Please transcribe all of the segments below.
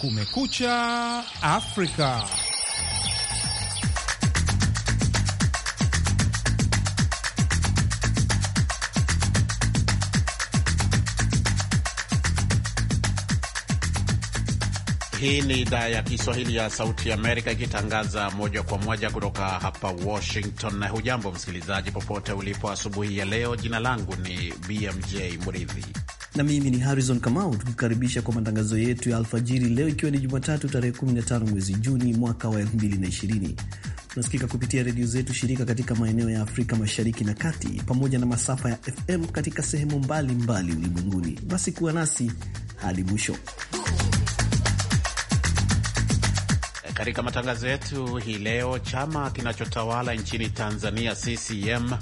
Kumekucha Afrika. Hii ni idhaa ya Kiswahili ya Sauti ya Amerika ikitangaza moja kwa moja kutoka hapa Washington. Na hujambo msikilizaji, popote ulipo asubuhi ya leo. Jina langu ni BMJ Mridhi na mimi ni Harrison Kamau, tukikaribisha kwa matangazo yetu ya alfajiri leo, ikiwa ni Jumatatu tarehe 15 mwezi Juni mwaka wa 2020. Tunasikika kupitia redio zetu shirika katika maeneo ya Afrika Mashariki na Kati, pamoja na masafa ya FM katika sehemu mbalimbali ulimwenguni. Basi kuwa nasi hadi mwisho katika matangazo yetu hii leo. Chama kinachotawala nchini Tanzania CCM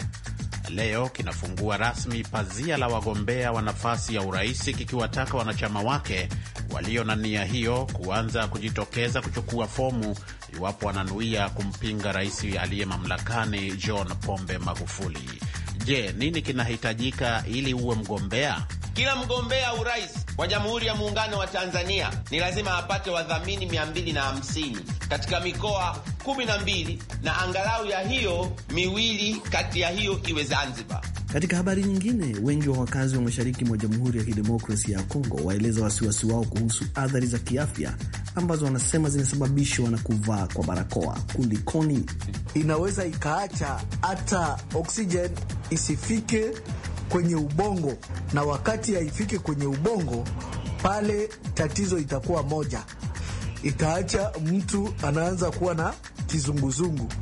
leo kinafungua rasmi pazia la wagombea wa nafasi ya urais kikiwataka wanachama wake walio na nia hiyo kuanza kujitokeza kuchukua fomu iwapo wananuia kumpinga rais aliye mamlakani John Pombe Magufuli. Je, nini kinahitajika ili uwe mgombea? Kila mgombea urais wa Jamhuri ya Muungano wa Tanzania ni lazima apate wadhamini 250 katika mikoa 12 na angalau ya hiyo miwili kati ya hiyo iwe Zanzibar. Katika habari nyingine, wengi wa wakazi wa mashariki mwa Jamhuri ya Kidemokrasia ya Kongo waeleza wasiwasi wao kuhusu athari za kiafya ambazo wanasema zinasababishwa na kuvaa kwa barakoa. Kulikoni? Inaweza ikaacha hata oksijeni isifike kwenye ubongo, na wakati haifiki kwenye ubongo, pale tatizo itakuwa moja, itaacha mtu anaanza kuwa na kizunguzungu.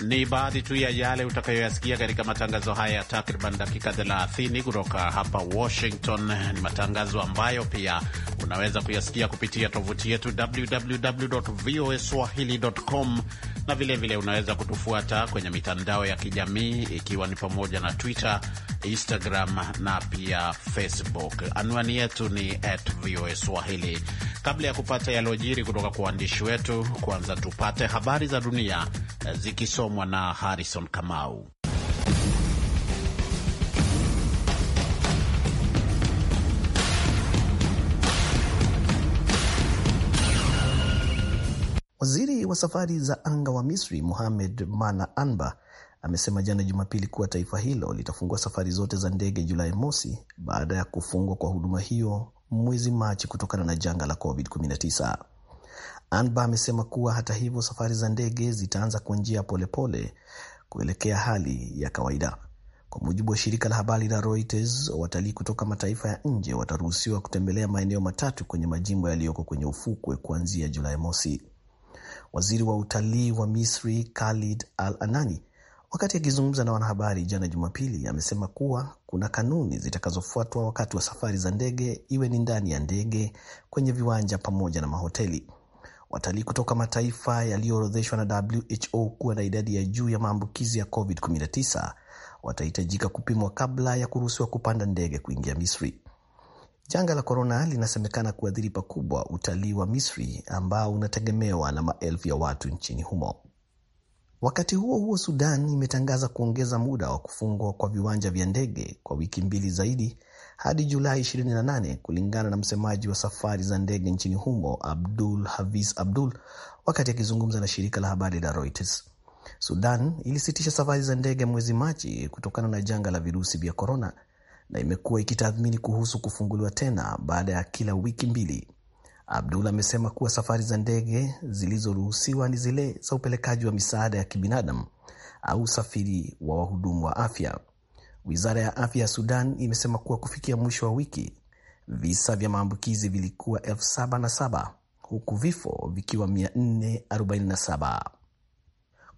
Ni baadhi tu ya yale utakayoyasikia katika matangazo haya ya takriban dakika 30 kutoka hapa Washington. Ni matangazo ambayo pia Unaweza kuyasikia kupitia tovuti yetu www.voaswahili.com na vilevile vile unaweza kutufuata kwenye mitandao ya kijamii ikiwa ni pamoja na Twitter, Instagram na pia Facebook. Anwani yetu ni swahili Kabla ya kupata yaliojiri kutoka kwa waandishi wetu, kwanza tupate habari za dunia eh, zikisomwa na Harrison Kamau. Waziri wa safari za anga wa Misri Mohamed Mana anba amesema jana Jumapili kuwa taifa hilo litafungua safari zote za ndege Julai mosi baada ya kufungwa kwa huduma hiyo mwezi Machi kutokana na janga la COVID-19. Anba amesema kuwa hata hivyo, safari za ndege zitaanza kwa njia polepole kuelekea hali ya kawaida. Kwa mujibu wa shirika la habari la Reuters, watalii kutoka mataifa ya nje wataruhusiwa kutembelea maeneo matatu kwenye majimbo yaliyoko kwenye ufukwe kuanzia Julai mosi waziri wa utalii wa Misri Khalid Al-Anani wakati akizungumza na wanahabari jana Jumapili amesema kuwa kuna kanuni zitakazofuatwa wakati wa safari za ndege, iwe ni ndani ya ndege, kwenye viwanja pamoja na mahoteli. Watalii kutoka mataifa yaliyoorodheshwa na WHO kuwa na idadi ya juu ya maambukizi ya COVID-19 watahitajika kupimwa kabla ya kuruhusiwa kupanda ndege kuingia Misri. Janga la korona linasemekana kuathiri pakubwa utalii wa Misri ambao unategemewa na maelfu ya watu nchini humo. Wakati huo huo, Sudan imetangaza kuongeza muda wa kufungwa kwa viwanja vya ndege kwa wiki mbili zaidi hadi Julai 28 kulingana na msemaji wa safari za ndege nchini humo Abdul Hafiz Abdul wakati akizungumza na shirika la habari la Reuters. Sudan ilisitisha safari za ndege mwezi Machi kutokana na janga la virusi vya korona na imekuwa ikitathmini kuhusu kufunguliwa tena baada ya kila wiki mbili. Abdul amesema kuwa safari za ndege zilizoruhusiwa ni zile za upelekaji wa misaada ya kibinadamu au usafiri wa wahudumu wa afya. Wizara ya afya ya Sudan imesema kuwa kufikia mwisho wa wiki visa vya maambukizi vilikuwa elfu saba na saba huku vifo vikiwa 447.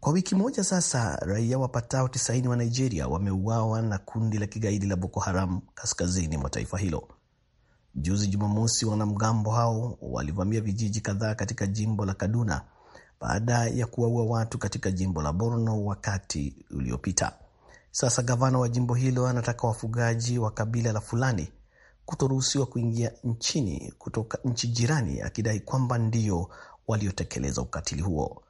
Kwa wiki moja sasa, raia wapatao 90 wa Nigeria wameuawa na kundi la kigaidi la Boko Haram kaskazini mwa taifa hilo. Juzi Jumamosi, wanamgambo hao walivamia vijiji kadhaa katika jimbo la Kaduna baada ya kuwaua watu katika jimbo la Borno wakati uliopita. Sasa gavana wa jimbo hilo anataka wafugaji wa kabila la Fulani kutoruhusiwa kuingia nchini kutoka nchi jirani, akidai kwamba ndio waliotekeleza ukatili huo.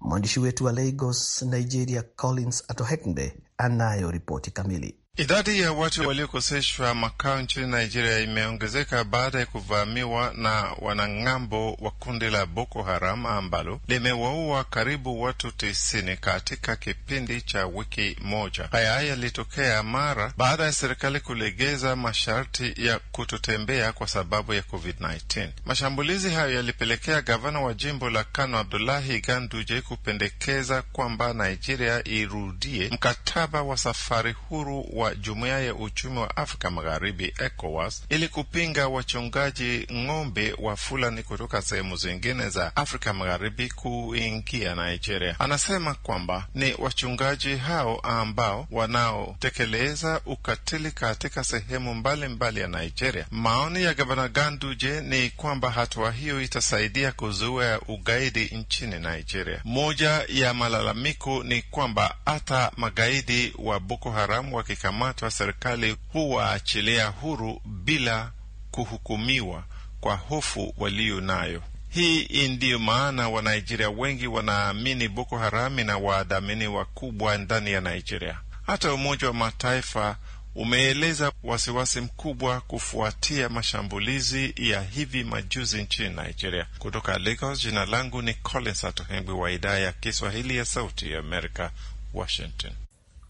Mwandishi wetu wa Lagos, Nigeria, Collins Atohengbe anayo ripoti kamili. Idadi ya watu waliokoseshwa makao nchini Nigeria imeongezeka baada ya kuvamiwa na wanang'ambo wa kundi la Boko Haram ambalo limewaua karibu watu tisini katika kipindi cha wiki moja. Haya yalitokea mara baada ya serikali kulegeza masharti ya kutotembea kwa sababu ya COVID-19. Mashambulizi hayo yalipelekea gavana wa jimbo la Kano Abdullahi Ganduje kupendekeza kwamba Nigeria irudie mkataba wa safari huru wa wa Jumuiya ya Uchumi wa Afrika Magharibi, ECOWAS, ili kupinga wachungaji ng'ombe wa Fulani kutoka sehemu zingine za Afrika Magharibi kuingia Nigeria. Anasema kwamba ni wachungaji hao ambao wanaotekeleza ukatili katika sehemu mbalimbali mbali ya Nigeria. Maoni ya Gavana Ganduje ni kwamba hatua hiyo itasaidia kuzuia ugaidi nchini Nigeria. Moja ya malalamiko ni kwamba hata magaidi wa Boko haram wakikamata wa serikali huwaachilia huru bila kuhukumiwa kwa hofu waliyo nayo. Hii ndiyo maana Wanaijeria wengi wanaamini Boko Harami na waadhamini wakubwa ndani ya Nigeria. Hata Umoja wa Mataifa umeeleza wasiwasi mkubwa kufuatia mashambulizi ya hivi majuzi nchini Nigeria. Kutoka Lagos, jina langu ni Collins Atohengwi wa idaa ya Kiswahili ya Sauti ya Amerika, Washington.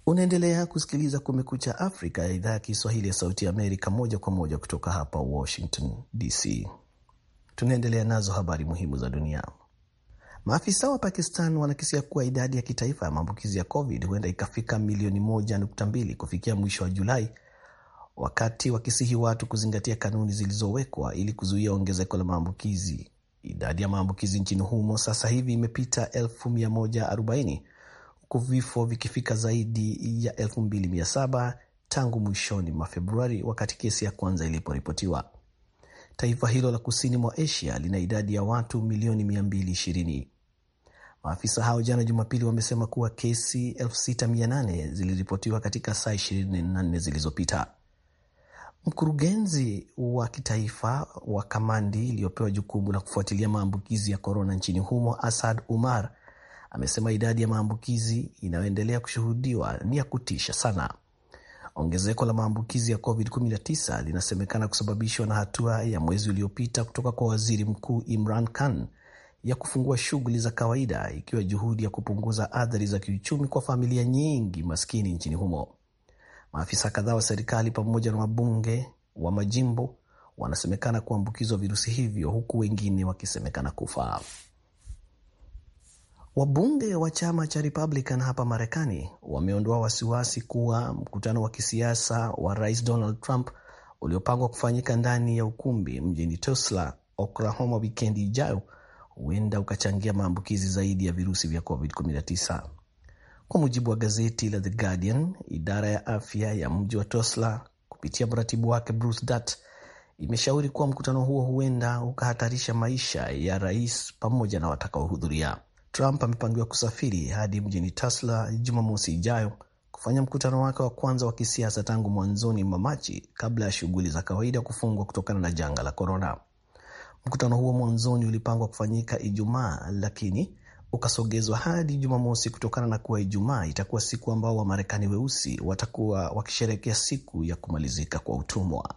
Unaendelea kusikiliza Kumekucha Afrika ya idhaa ya Kiswahili ya Sauti ya Amerika, moja kwa moja kutoka hapa Washington DC. Tunaendelea nazo habari muhimu za dunia. Maafisa wa Pakistan wanakisia kuwa idadi ya kitaifa ya maambukizi ya COVID huenda ikafika milioni moja nukta mbili kufikia mwisho wa Julai, wakati wakisihi watu kuzingatia kanuni zilizowekwa ili kuzuia ongezeko la maambukizi. Idadi ya maambukizi nchini humo sasa hivi imepita elfu mia moja arobaini huku vifo vikifika zaidi ya elfu tangu mwishoni mwa Februari wakati kesi ya kwanza iliporipotiwa. Taifa hilo la kusini mwa Asia lina idadi ya watu milioni 220. Maafisa hao jana Jumapili wamesema kuwa kesi 6800 ziliripotiwa katika saa 24 zilizopita. Mkurugenzi wa kitaifa wa kamandi iliyopewa jukumu la kufuatilia maambukizi ya korona nchini humo, Asad Umar, amesema idadi ya maambukizi inayoendelea kushuhudiwa ni ya kutisha sana. Ongezeko la maambukizi ya COVID-19 linasemekana kusababishwa na hatua ya mwezi uliopita kutoka kwa waziri mkuu Imran Khan ya kufungua shughuli za kawaida, ikiwa juhudi ya kupunguza athari za kiuchumi kwa familia nyingi maskini nchini humo. Maafisa kadhaa wa serikali pamoja na wabunge wa majimbo wanasemekana kuambukizwa virusi hivyo huku wengine wakisemekana kufa. Wabunge wa chama cha Republican hapa Marekani wameondoa wasiwasi kuwa mkutano wa kisiasa wa Rais Donald Trump uliopangwa kufanyika ndani ya ukumbi mjini Tulsa, Oklahoma, wikendi ijayo huenda ukachangia maambukizi zaidi ya virusi vya COVID-19. Kwa mujibu wa gazeti la The Guardian, idara ya afya ya mji wa Tulsa kupitia mratibu wake Bruce Dart imeshauri kuwa mkutano huo huenda ukahatarisha maisha ya rais pamoja na watakaohudhuria. Trump amepangiwa kusafiri hadi mjini tesla Jumamosi ijayo kufanya mkutano wake wa kwanza wa kisiasa tangu mwanzoni mwa Machi kabla ya shughuli za kawaida kufungwa kutokana na janga la korona. Mkutano huo mwanzoni ulipangwa kufanyika Ijumaa lakini ukasogezwa hadi Jumamosi kutokana na kuwa Ijumaa itakuwa siku ambao Wamarekani weusi watakuwa wakisherehekea siku ya kumalizika kwa utumwa.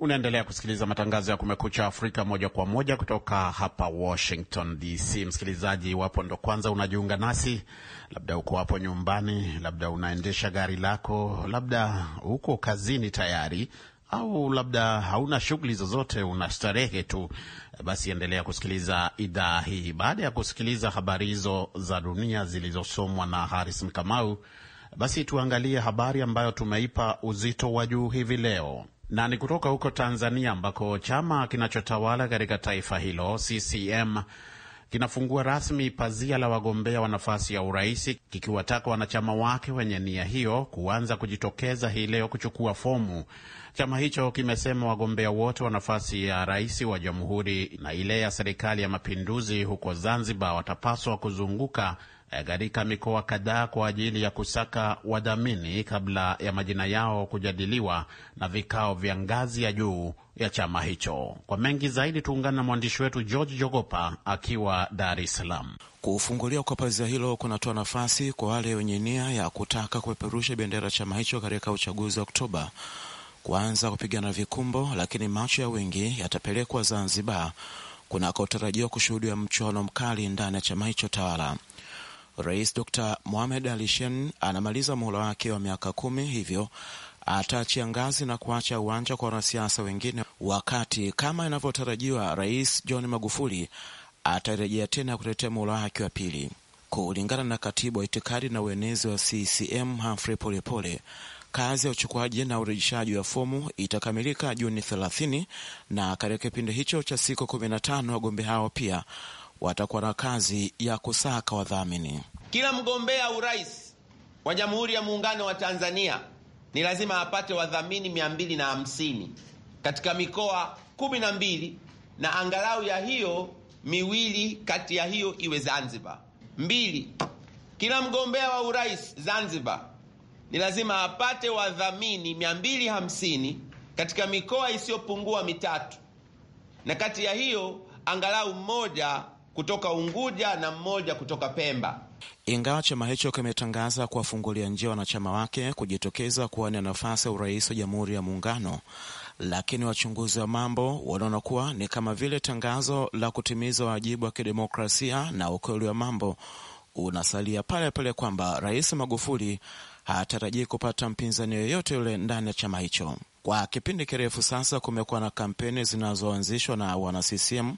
Unaendelea kusikiliza matangazo ya Kumekucha Afrika moja kwa moja kutoka hapa Washington DC. Msikilizaji, iwapo ndo kwanza unajiunga nasi, labda uko hapo nyumbani, labda unaendesha gari lako, labda uko kazini tayari au labda hauna shughuli zozote, unastarehe tu, basi endelea kusikiliza idhaa hii. Baada ya kusikiliza habari hizo za dunia zilizosomwa na haris Kamau, basi tuangalie habari ambayo tumeipa uzito wa juu hivi leo na ni kutoka huko Tanzania ambako chama kinachotawala katika taifa hilo CCM kinafungua rasmi pazia la wagombea wa nafasi ya urais kikiwataka wanachama wake wenye nia hiyo kuanza kujitokeza hii leo kuchukua fomu. Chama hicho kimesema wagombea wote wa nafasi ya rais wa jamhuri na ile ya serikali ya mapinduzi huko Zanzibar watapaswa kuzunguka katika mikoa kadhaa kwa ajili ya kusaka wadhamini kabla ya majina yao kujadiliwa na vikao vya ngazi ya juu ya chama hicho. Kwa mengi zaidi, tuungana na mwandishi wetu George Jogopa akiwa Dar es Salaam. Kufunguliwa kwa pazia hilo kunatoa nafasi kwa wale wenye nia ya kutaka kupeperusha bendera ya chama hicho katika uchaguzi wa Oktoba kuanza kupigana vikumbo, lakini macho ya wengi yatapelekwa Zanzibar kunakotarajiwa kushuhudiwa mchuano mkali ndani ya chama hicho tawala. Rais Dr Mohamed Ali anamaliza muhula wake wa miaka kumi, hivyo ataachia ngazi na kuacha uwanja kwa wanasiasa wengine, wakati kama inavyotarajiwa Rais John Magufuli atarejea tena kutetea muhula wake wa pili. Kulingana na katibu wa itikadi na uenezi wa CCM Humphrey Polepole, kazi ya uchukuaji na urejeshaji wa fomu itakamilika Juni 30 na katika kipindi hicho cha siku 15 wagombea hao pia watakuwa na kazi ya kusaka wadhamini. Kila mgombea urais wa Jamhuri ya Muungano wa Tanzania ni lazima apate wadhamini mia mbili na hamsini katika mikoa kumi na mbili na angalau ya hiyo miwili kati ya hiyo iwe Zanzibar. Mbili, kila mgombea wa urais Zanzibar ni lazima apate wadhamini 250 katika mikoa isiyopungua mitatu, na kati ya hiyo angalau mmoja kutoka Unguja na mmoja kutoka Pemba. Ingawa chama hicho kimetangaza kuwafungulia njia wanachama wake kujitokeza kuwania nafasi ya urais wa Jamhuri ya Muungano, lakini wachunguzi wa mambo wanaona kuwa ni kama vile tangazo la kutimiza wajibu wa kidemokrasia na ukweli wa mambo unasalia pale pale, kwamba Rais Magufuli hatarajii kupata mpinzani yoyote yule ndani ya chama hicho. Kwa kipindi kirefu sasa kumekuwa na kampeni zinazoanzishwa na wana CCM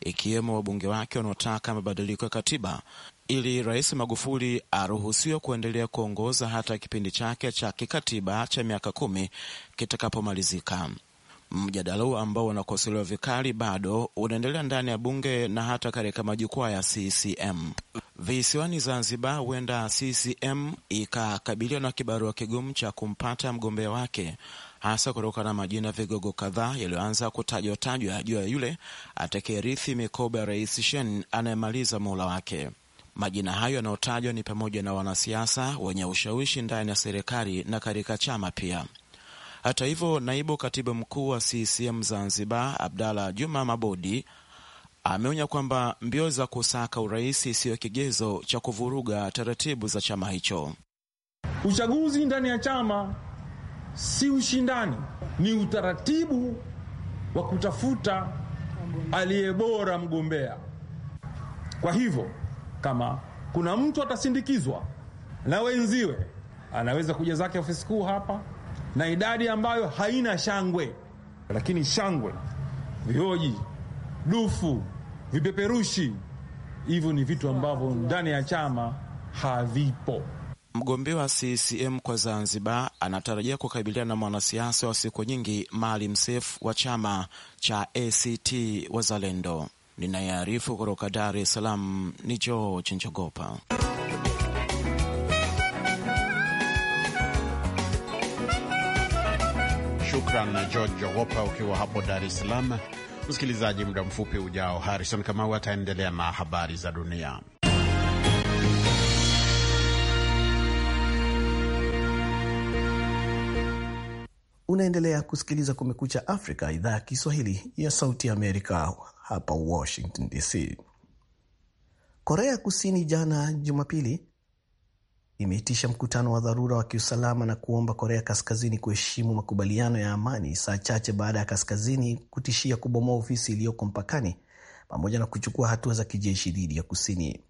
ikiwemo wabunge wake wanaotaka mabadiliko ya katiba ili Rais Magufuli aruhusiwe kuendelea kuongoza hata kipindi chake cha kikatiba cha miaka kumi kitakapomalizika. Mjadala huo ambao unakosolewa vikali bado unaendelea ndani ya bunge na hata katika majukwaa ya CCM. Visiwani Zanzibar, huenda CCM ikakabiliwa na kibarua kigumu cha kumpata mgombea wake, hasa kutokana na majina vigogo kadhaa yaliyoanza kutajwa tajwa juu ya yule atakayerithi mikoba ya Rais Shen anayemaliza muhula wake. Majina hayo yanayotajwa ni pamoja na wanasiasa wenye ushawishi ndani ya serikali na katika chama pia. Hata hivyo, naibu katibu mkuu wa CCM Zanzibar Abdalla Juma Mabodi ameonya kwamba mbio za kusaka urais siyo kigezo cha kuvuruga taratibu za chama hicho. Uchaguzi ndani ya chama si ushindani, ni utaratibu wa kutafuta aliye bora mgombea. Kwa hivyo kama kuna mtu atasindikizwa na wenziwe, anaweza kuja zake ofisi kuu hapa na idadi ambayo haina shangwe, lakini shangwe, vioji, dufu, vipeperushi, hivyo ni vitu ambavyo ndani ya chama havipo. Mgombea wa CCM kwa Zanzibar anatarajia kukabiliana na mwanasiasa wa siku nyingi Maalim Seif wa chama cha ACT Wazalendo. Ninayearifu kutoka Dar es Salaam ni George Njogopa. Shukran na George Jogopa ukiwa hapo Dar es Salaam. Msikilizaji, muda mfupi ujao, Harrison Kamau ataendelea na habari za dunia. Unaendelea kusikiliza Kumekucha Afrika, idhaa ya Kiswahili ya Sauti ya Amerika, hapa Washington DC. Korea Kusini jana Jumapili imeitisha mkutano wa dharura wa kiusalama na kuomba Korea Kaskazini kuheshimu makubaliano ya amani, saa chache baada ya Kaskazini kutishia kubomoa ofisi iliyoko mpakani pamoja na kuchukua hatua za kijeshi dhidi ya Kusini.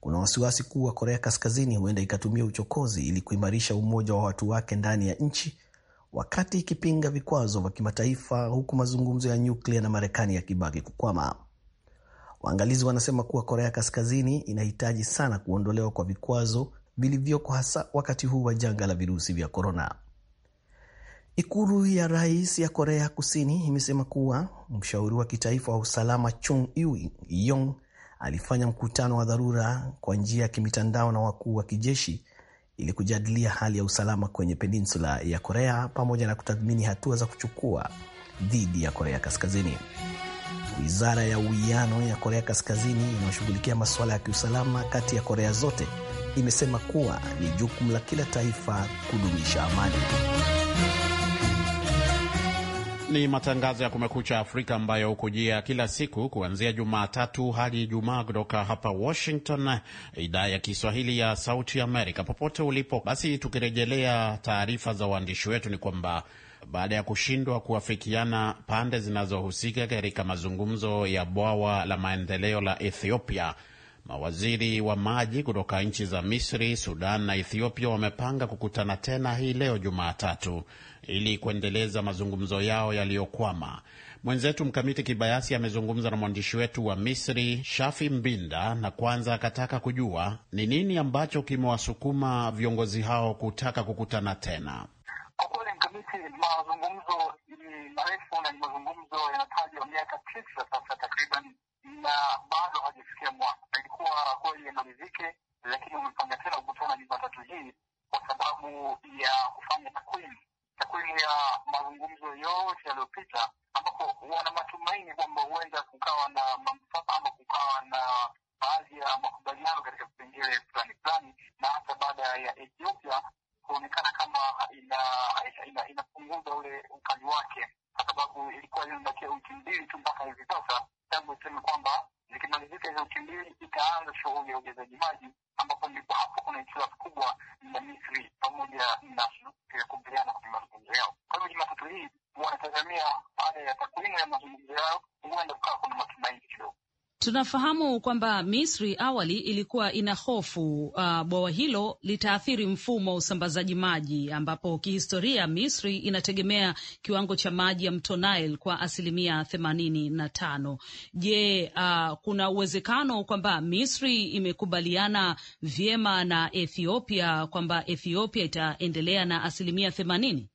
Kuna wasiwasi kuwa Korea Kaskazini huenda ikatumia uchokozi ili kuimarisha umoja wa watu wake ndani ya nchi wakati ikipinga vikwazo vya kimataifa, huku mazungumzo ya nyuklia na Marekani yakibaki kukwama. Waangalizi wanasema kuwa Korea Kaskazini inahitaji sana kuondolewa kwa vikwazo vilivyoko hasa wakati huu wa janga la virusi vya korona. Ikulu ya rais ya Korea Kusini imesema kuwa mshauri wa kitaifa wa usalama Chung Yong alifanya mkutano wa dharura kwa njia ya kimitandao na wakuu wa kijeshi ili kujadilia hali ya usalama kwenye peninsula ya Korea pamoja na kutathmini hatua za kuchukua dhidi ya Korea Kaskazini. Wizara ya uwiano ya Korea Kaskazini inayoshughulikia masuala ya kiusalama kati ya Korea zote imesema kuwa ni jukumu la kila taifa kudumisha amani. Ni matangazo ya Kumekucha Afrika ambayo hukujia kila siku kuanzia Jumatatu hadi Ijumaa kutoka hapa Washington, idhaa ya Kiswahili ya Sauti Amerika. Popote ulipo, basi tukirejelea taarifa za waandishi wetu ni kwamba baada ya kushindwa kuafikiana pande zinazohusika katika mazungumzo ya bwawa la maendeleo la Ethiopia Mawaziri wa maji kutoka nchi za Misri, Sudan na Ethiopia wamepanga kukutana tena hii leo Jumatatu ili kuendeleza mazungumzo yao yaliyokwama. Mwenzetu Mkamiti Kibayasi amezungumza na mwandishi wetu wa Misri, Shafi Mbinda, na kwanza akataka kujua ni nini ambacho kimewasukuma viongozi hao kutaka kukutana tena. Kwa kweli Mkamiti, mazungumzo ni marefu na ni mazungumzo yanatajwa miaka tisa sasa takriban na bado hajafikia mwaka. Alikuwa kweli amalizike, lakini wamepanga tena kukutana Jumatatu hii kwa sababu ya kufanya takwimu takwimu ya mazungumzo yote yaliyopita, ambapo wana matumaini kwamba huenda kukawa na manufaa ama kukawa na baadhi ya makubaliano katika vipengele fulani fulani, na hata baada ya Ethiopia kuonekana kama inapunguza ule ukali wake, kwa sababu ilikuwa imebakia wiki mbili tu mpaka hivi sasa tangu iseme kwamba zikimalizika hizo wiki mbili itaanza shughuli ya ujazaji maji, ambapo ndipo hapo kuna hitilafu kubwa na Misri pamoja na kukubaliana kwenye mazungumzo yao. Kwa hivyo Jumatatu hii wanatazamia baada ya takwimu ya mazungumzo yao, huenda kukawa kuna matumaini kidogo. Tunafahamu kwamba Misri awali ilikuwa ina hofu uh, bwawa hilo litaathiri mfumo wa usambazaji maji, ambapo kihistoria Misri inategemea kiwango cha maji ya mto Nile kwa asilimia themanini na tano. Je, uh, kuna uwezekano kwamba Misri imekubaliana vyema na Ethiopia kwamba Ethiopia itaendelea na asilimia themanini?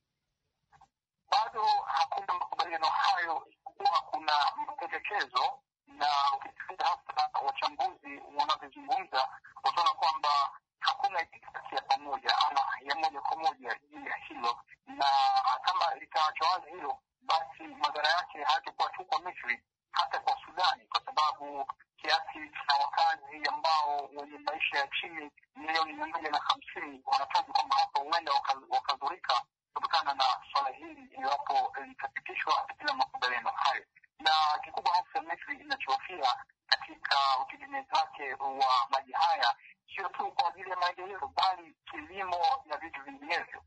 Bado hakuna makubaliano hayo, isipokuwa kuna mapendekezo na ukisikiliza hasa wachambuzi wanavyozungumza, utaona kwamba hakuna itikadi ya pamoja ama ya moja kwa moja juu ya hilo, na kama litawachwa wazi hilo, basi madhara yake hayatakuwa tu kwa Misri, hata kwa Sudani, kwa sababu kiasi cha wakazi ambao wenye maisha ya chini milioni mia moja na hamsini wanataja kwamba hapa huenda wakadhurika kutokana na suala hili iwapo litapitishwa bila makubaliano hayo na kikubwa hasa Misri inachohofia katika utegemezi wake wa maji haya sio tu kwa ajili ya maendeleo, bali kilimo na vitu vinginevyo.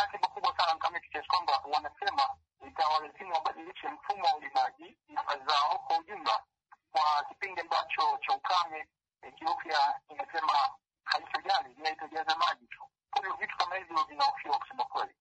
yake makubwa sana mkamiti kiasi kwamba wanasema itawalazimu wabadilishe mfumo wa ulimaji namba zao kwa ujumla, kwa kipindi ambacho cha ukame. Ethiopia inasema haitojali, ni itajaza maji tu. Kwa hiyo vitu kama hivyo vinahofiwa kusema kweli.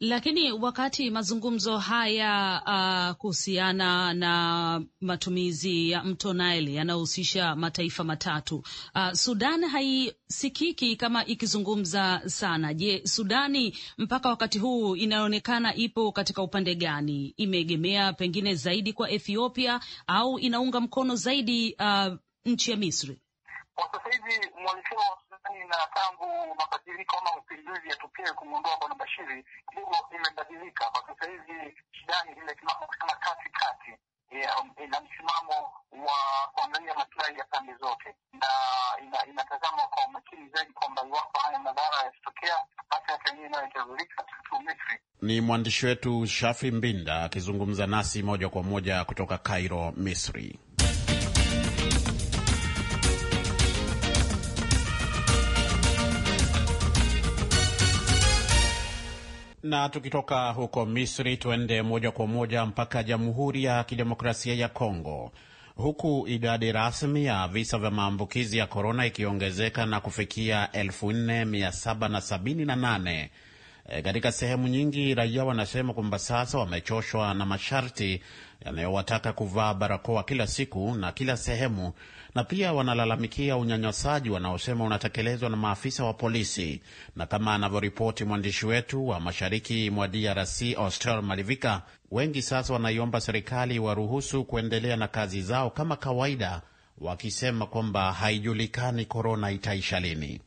Lakini wakati mazungumzo haya uh, kuhusiana na matumizi ya mto Nile yanayohusisha mataifa matatu uh, Sudan haisikiki kama ikizungumza sana. Je, Sudani mpaka wakati huu inaonekana ipo katika upande gani? Imeegemea pengine zaidi kwa Ethiopia au inaunga mkono zaidi uh, nchi ya Misri kwa sasa hivi? wa Yaani na tangu mabadiliko ama mapinduzi yatokee kumwondoa Bwana Bashiri kidogo imebadilika kwa sasa hivi. Sudani imesimama kusema katikati, ina eh, eh, msimamo wa kuangalia masilahi ya pande zote, na inatazama kwa umakini zaidi kwamba iwapo haya madhara yakitokea, hata hata yenyewe itazurika tu Misri. Ni mwandishi wetu Shafi Mbinda akizungumza nasi moja kwa moja kutoka Cairo, Misri. Na tukitoka huko Misri tuende moja kwa moja mpaka Jamhuri ya Kidemokrasia ya Kongo, huku idadi rasmi ya visa vya maambukizi ya korona ikiongezeka na kufikia 4778 e, katika sehemu nyingi, raia wanasema kwamba sasa wamechoshwa na masharti yanayowataka kuvaa barakoa kila siku na kila sehemu na pia wanalalamikia unyanyasaji wanaosema unatekelezwa na maafisa wa polisi. Na kama anavyoripoti mwandishi wetu wa mashariki mwa DRC Austral Malivika, wengi sasa wanaiomba serikali waruhusu kuendelea na kazi zao kama kawaida, wakisema kwamba haijulikani korona itaisha lini.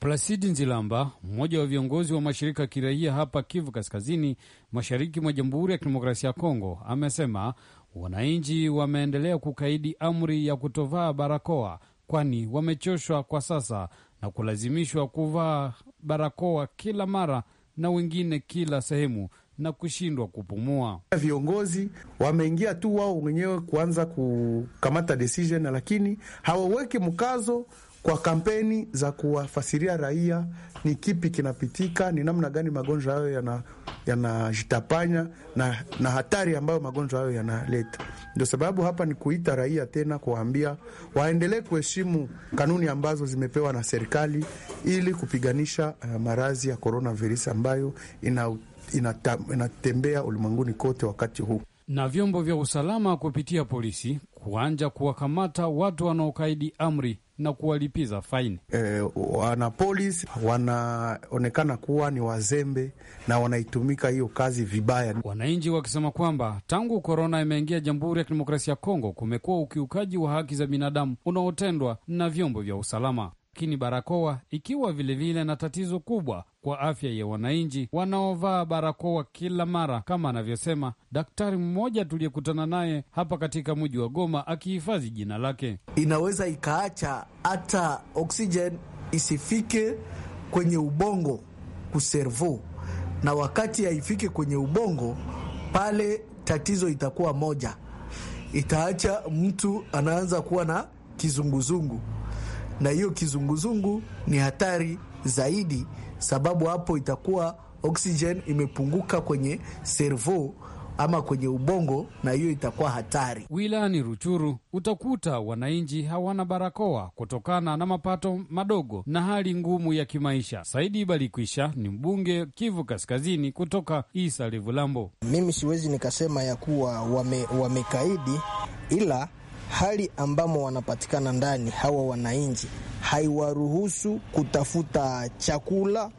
Plasidi Nzilamba, mmoja wa viongozi wa mashirika ya kiraia hapa Kivu Kaskazini, mashariki mwa Jamhuri ya Kidemokrasia ya Kongo, amesema wananchi wameendelea kukaidi amri ya kutovaa barakoa, kwani wamechoshwa kwa sasa na kulazimishwa kuvaa barakoa kila mara na wengine kila sehemu na kushindwa kupumua. Viongozi wameingia tu wao wenyewe kuanza kukamata decision, lakini hawaweki mkazo kwa kampeni za kuwafasiria raia ni kipi kinapitika, ni namna gani magonjwa hayo yanajitapanya yana na, na hatari ambayo magonjwa hayo yanaleta. Ndio sababu hapa ni kuita raia tena kuwaambia waendelee kuheshimu kanuni ambazo zimepewa na serikali ili kupiganisha uh, maradhi ya coronavirus ambayo ina, inata, inatembea ulimwenguni kote wakati huu na vyombo vya usalama kupitia polisi kuanja kuwakamata watu wanaokaidi amri na kuwalipiza faini. E, eh, polisi wanaonekana kuwa ni wazembe na wanaitumika hiyo kazi vibaya, wananchi wakisema kwamba tangu korona imeingia Jamhuri ya Kidemokrasia ya Kongo kumekuwa ukiukaji wa haki za binadamu unaotendwa na vyombo vya usalama lakini barakoa ikiwa vilevile na tatizo kubwa kwa afya ya wananchi wanaovaa barakoa kila mara, kama anavyosema daktari mmoja tuliyekutana naye hapa katika mji wa Goma, akihifadhi jina lake. Inaweza ikaacha hata oksijen isifike kwenye ubongo kuservo, na wakati haifike kwenye ubongo pale, tatizo itakuwa moja, itaacha mtu anaanza kuwa na kizunguzungu na hiyo kizunguzungu ni hatari zaidi, sababu hapo itakuwa oksijen imepunguka kwenye servo ama kwenye ubongo, na hiyo itakuwa hatari. Wilayani Ruchuru utakuta wananchi hawana barakoa kutokana na mapato madogo na hali ngumu ya kimaisha. Saidi Balikwisha ni mbunge Kivu Kaskazini kutoka Isa Levulambo. Mimi siwezi nikasema ya kuwa wame, wamekaidi ila hali ambamo wanapatikana ndani hawa wananchi haiwaruhusu kutafuta chakula,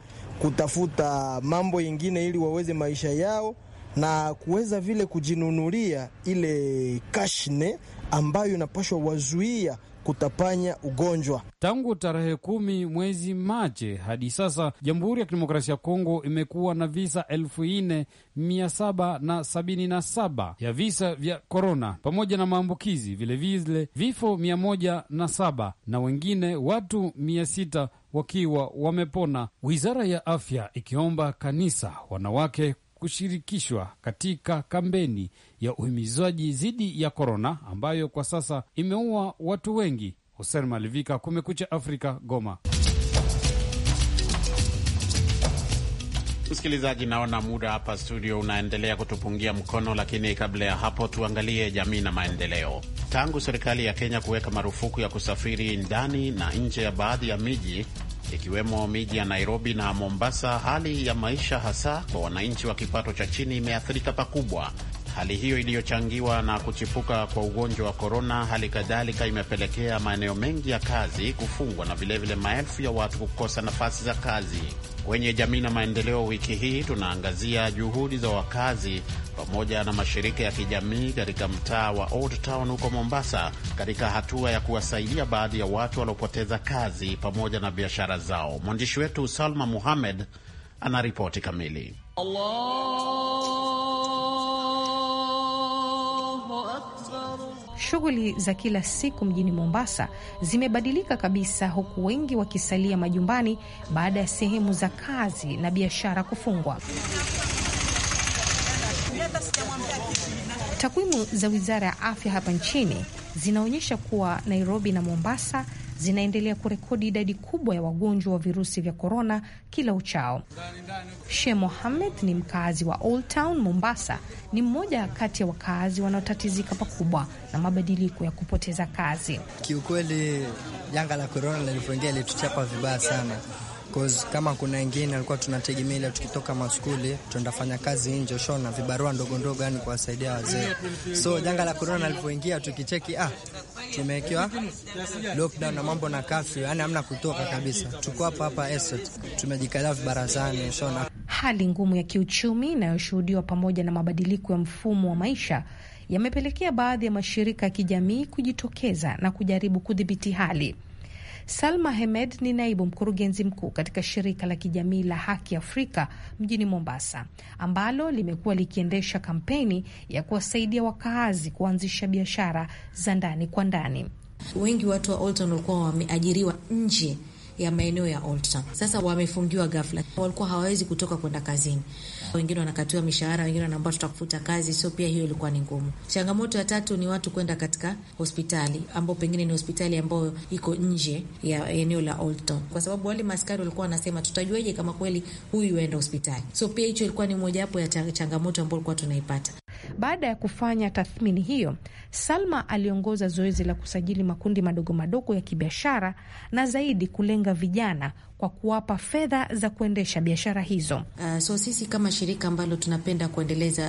kutafuta mambo yengine ili waweze maisha yao na kuweza vile kujinunulia ile kashne ambayo inapashwa wazuia kutapanya ugonjwa. Tangu tarehe kumi mwezi Machi hadi sasa, Jamhuri ya Kidemokrasia ya Kongo imekuwa na visa elfu nne mia saba na sabini na saba ya visa vya korona pamoja na maambukizi, vilevile vifo mia moja na saba na wengine watu mia sita wakiwa wamepona, wizara ya afya ikiomba kanisa wanawake kushirikishwa katika kampeni ya uhimizwaji dhidi ya korona ambayo kwa sasa imeua watu wengi. Hosen Malivika, Kumekucha Afrika, Goma. Msikilizaji, naona muda hapa studio unaendelea kutupungia mkono, lakini kabla ya hapo tuangalie jamii na maendeleo. Tangu serikali ya Kenya kuweka marufuku ya kusafiri ndani na nje ya baadhi ya miji ikiwemo miji ya Nairobi na Mombasa, hali ya maisha hasa kwa wananchi wa kipato cha chini imeathirika pakubwa, Hali hiyo iliyochangiwa na kuchipuka kwa ugonjwa wa korona, hali kadhalika imepelekea maeneo mengi ya kazi kufungwa na vilevile maelfu ya watu kukosa nafasi za kazi. Kwenye jamii na maendeleo, wiki hii tunaangazia juhudi za wakazi pamoja na mashirika ya kijamii katika mtaa wa Old Town huko Mombasa, katika hatua ya kuwasaidia baadhi ya watu waliopoteza kazi pamoja na biashara zao. Mwandishi wetu Salma Muhamed ana ripoti kamili. Allah. shughuli za kila siku mjini Mombasa zimebadilika kabisa, huku wengi wakisalia majumbani baada ya sehemu za kazi na biashara kufungwa. Takwimu za Wizara ya Afya hapa nchini zinaonyesha kuwa Nairobi na Mombasa zinaendelea kurekodi idadi kubwa ya wagonjwa wa virusi vya korona kila uchao. She Mohamed ni mkaazi wa Old Town Mombasa, ni mmoja kati ya wakaazi wanaotatizika pakubwa na mabadiliko ya kupoteza kazi. Kiukweli janga la korona lilivyoingia ilituchapa vibaya sana cause kama kuna wengine alikuwa tunategemea ile tukitoka maskuli tunafanya kazi nje, shona vibarua ndogo ndogo, yani kuwasaidia wazee. So janga la corona lilipoingia, tukicheki ah, tumewekewa lockdown na mambo na kafyu, yani hamna kutoka kabisa, tuko hapa hapa Essex tumejikalia vibarazani, shona. Hali ngumu ya kiuchumi inayoshuhudiwa pamoja na mabadiliko ya mfumo wa maisha yamepelekea baadhi ya mashirika ya kijamii kujitokeza na kujaribu kudhibiti hali. Salma Hemed ni naibu mkurugenzi mkuu katika shirika la kijamii la Haki Afrika mjini Mombasa, ambalo limekuwa likiendesha kampeni ya kuwasaidia wakaazi kuanzisha biashara za ndani kwa ndani. Wengi watu wa Old Town walikuwa wameajiriwa nje ya maeneo ya Old Town, sasa wamefungiwa ghafla, walikuwa hawawezi kutoka kwenda kazini wengine wanakatiwa mishahara, wengine wanaambia tutakufuta kazi. So pia hiyo ilikuwa ni ngumu. Changamoto ya tatu ni watu kwenda katika hospitali ambao pengine ni hospitali ambayo iko nje ya eneo la Old Town, kwa sababu wale maskari walikuwa wanasema tutajuaje kama kweli huyu aenda hospitali? So pia hicho ilikuwa ni mojawapo ya changamoto ambayo ilikuwa tunaipata. Baada ya kufanya tathmini hiyo, Salma aliongoza zoezi la kusajili makundi madogo madogo ya kibiashara na zaidi kulenga vijana kwa kuwapa fedha za kuendesha biashara hizo. Uh, so sisi kama shirika ambalo tunapenda kuendeleza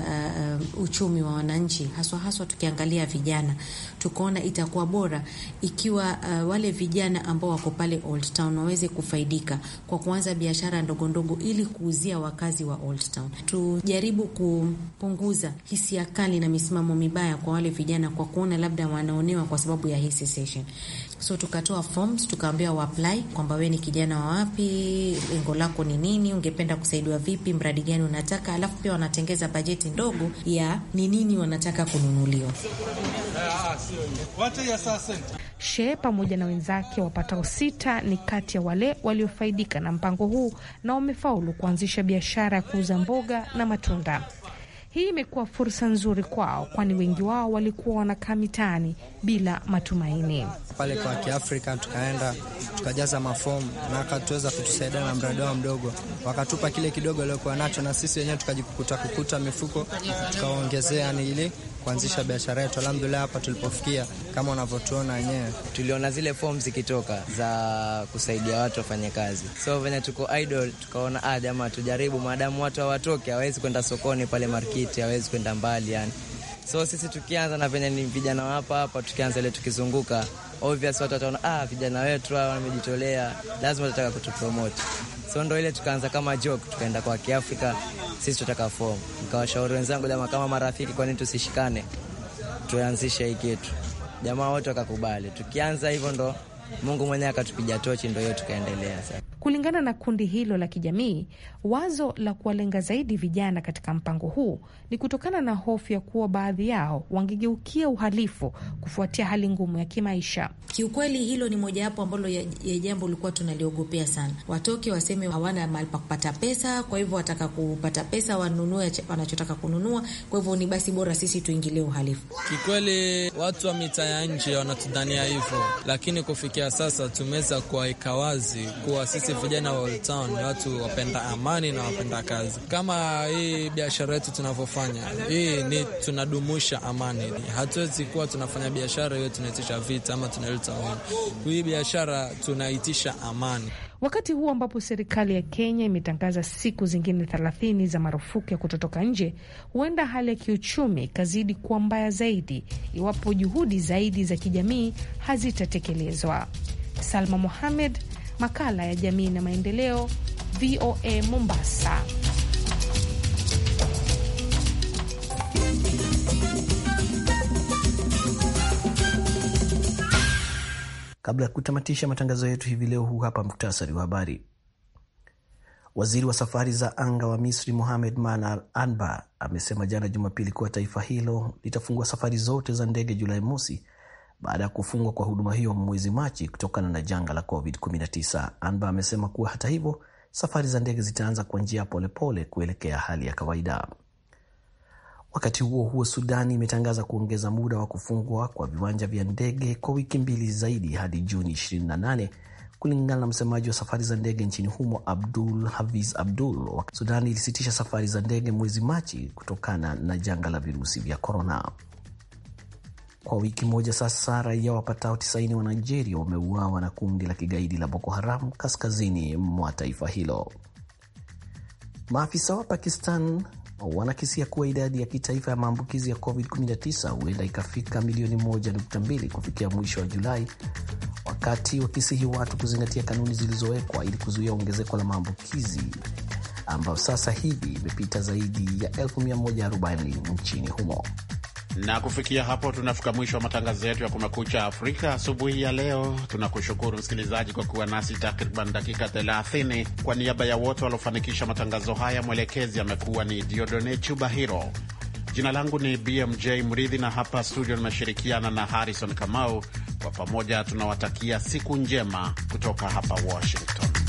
uh, uh, uchumi wa wananchi haswa haswa tukiangalia vijana, tukaona itakuwa bora ikiwa uh, wale vijana ambao wako pale Old Town waweze kufaidika kwa kuanza biashara ndogondogo ili kuuzia wakazi wa Old Town. Tujaribu kupunguza hisia kali na misimamo mibaya kwa wale vijana, kwa kuona labda wanaonewa kwa sababu ya hii So tukatoa forms tukaambia waapply kwamba we ni kijana wa wapi, lengo lako ni nini, ungependa kusaidiwa vipi, mradi gani unataka, alafu pia wanatengeza bajeti ndogo ya ni nini wanataka kununuliwa. She pamoja na wenzake wapatao sita ni kati ya wale waliofaidika na mpango huu na wamefaulu kuanzisha biashara ya kuuza mboga na matunda. Hii imekuwa fursa nzuri kwao, kwani wengi wao walikuwa wanakaa mitaani bila matumaini. Pale kwa Kiafrika tukaenda tukajaza mafomu na wakatuweza kutusaidia na mradi wao mdogo, wakatupa kile kidogo waliokuwa nacho, na sisi wenyewe tukajikuta kukuta mifuko tukaongezea, ni ile kuanzisha biashara yetu. Alhamdulillah, hapa tulipofikia, kama unavyotuona wenyewe, tuliona zile fomu zikitoka za kusaidia watu wafanye kazi, so venye tuko idol, tukaona ah, jamaa tujaribu, maadamu watu hawatoki, hawezi kwenda sokoni pale markiti, hawezi kwenda mbali yani So sisi tukianza na venye ni vijana hapa hapa, tukianza ile tukizunguka, obvious watu wataona ah, vijana wetu hawa wamejitolea, lazima tutataka kutupromote. So ndo ile tukaanza kama joke, tukaenda kwa Kiafrika, sisi tutaka form. Nikawashauri wenzangu, jamaa kama marafiki, kwa nini tusishikane tuanzishe hii kitu? Jamaa wote wakakubali. Tukianza hivyo ndo Mungu mwenyewe akatupiga tochi, ndo hiyo tukaendelea sasa. Kulingana na kundi hilo la kijamii, wazo la kuwalenga zaidi vijana katika mpango huu ni kutokana na hofu ya kuwa baadhi yao wangegeukia uhalifu kufuatia hali ngumu ya kimaisha. Kiukweli hilo ni mojawapo ambalo ya, ya jambo ulikuwa tunaliogopea sana, watoke waseme hawana mahali pa kupata pesa, kwa hivyo wataka kupata pesa wanunue wanachotaka kununua, kwa hivyo ni basi bora sisi tuingilie uhalifu. Kikweli watu wa mitaa ya nje wanatudhania hivyo, lakini kufikia sasa tumeweza kuwaweka wazi kuwa sisi sisi vijana wa Old Town ni watu wapenda amani na wapenda kazi. Kama hii biashara yetu tunavyofanya hii, ni tunadumusha amani. Hatuwezi kuwa tunafanya biashara hiyo tunaitisha vita ama tunaleta hii biashara, tunaitisha amani. Wakati huu ambapo serikali ya Kenya imetangaza siku zingine thelathini za marufuku ya kutotoka nje, huenda hali ya kiuchumi ikazidi kuwa mbaya zaidi iwapo juhudi zaidi za kijamii hazitatekelezwa. Salma Mohamed, makala ya jamii na maendeleo, VOA Mombasa. Kabla ya kutamatisha matangazo yetu hivi leo, huu hapa muktasari wa habari. Waziri wa safari za anga wa Misri Mohamed manal Anbar amesema jana Jumapili kuwa taifa hilo litafungua safari zote za ndege Julai mosi baada ya kufungwa kwa huduma hiyo mwezi Machi kutokana na janga la COVID-19. Anba amesema kuwa hata hivyo, safari za ndege zitaanza kwa njia polepole kuelekea hali ya kawaida. Wakati huo huo, Sudani imetangaza kuongeza muda wa kufungwa kwa viwanja vya ndege kwa wiki mbili zaidi hadi Juni 28 kulingana na msemaji wa safari za ndege nchini humo Abdul Hafiz Abdul. Sudani ilisitisha safari za ndege mwezi Machi kutokana na janga la virusi vya korona. Kwa wiki moja sasa, raia wapatao 90 wa Nigeria wameuawa na kundi la kigaidi la Boko Haram kaskazini mwa taifa hilo. Maafisa wa Pakistan wanakisia kuwa idadi ya kitaifa ya maambukizi ya COVID-19 huenda ikafika milioni 1.2 kufikia mwisho wa Julai, wakati wakisihi watu kuzingatia kanuni zilizowekwa ili kuzuia ongezeko la maambukizi ambayo sasa hivi imepita zaidi ya 140 nchini humo. Na kufikia hapo tunafika mwisho wa matangazo yetu ya Kumekucha Afrika asubuhi ya leo. Tunakushukuru msikilizaji kwa kuwa nasi takriban dakika 30. Kwa niaba ya wote waliofanikisha matangazo haya, mwelekezi amekuwa ni Diodone Chubahiro. Jina langu ni BMJ Mridhi, na hapa studio nimeshirikiana na Harrison Kamau. Kwa pamoja tunawatakia siku njema kutoka hapa Washington.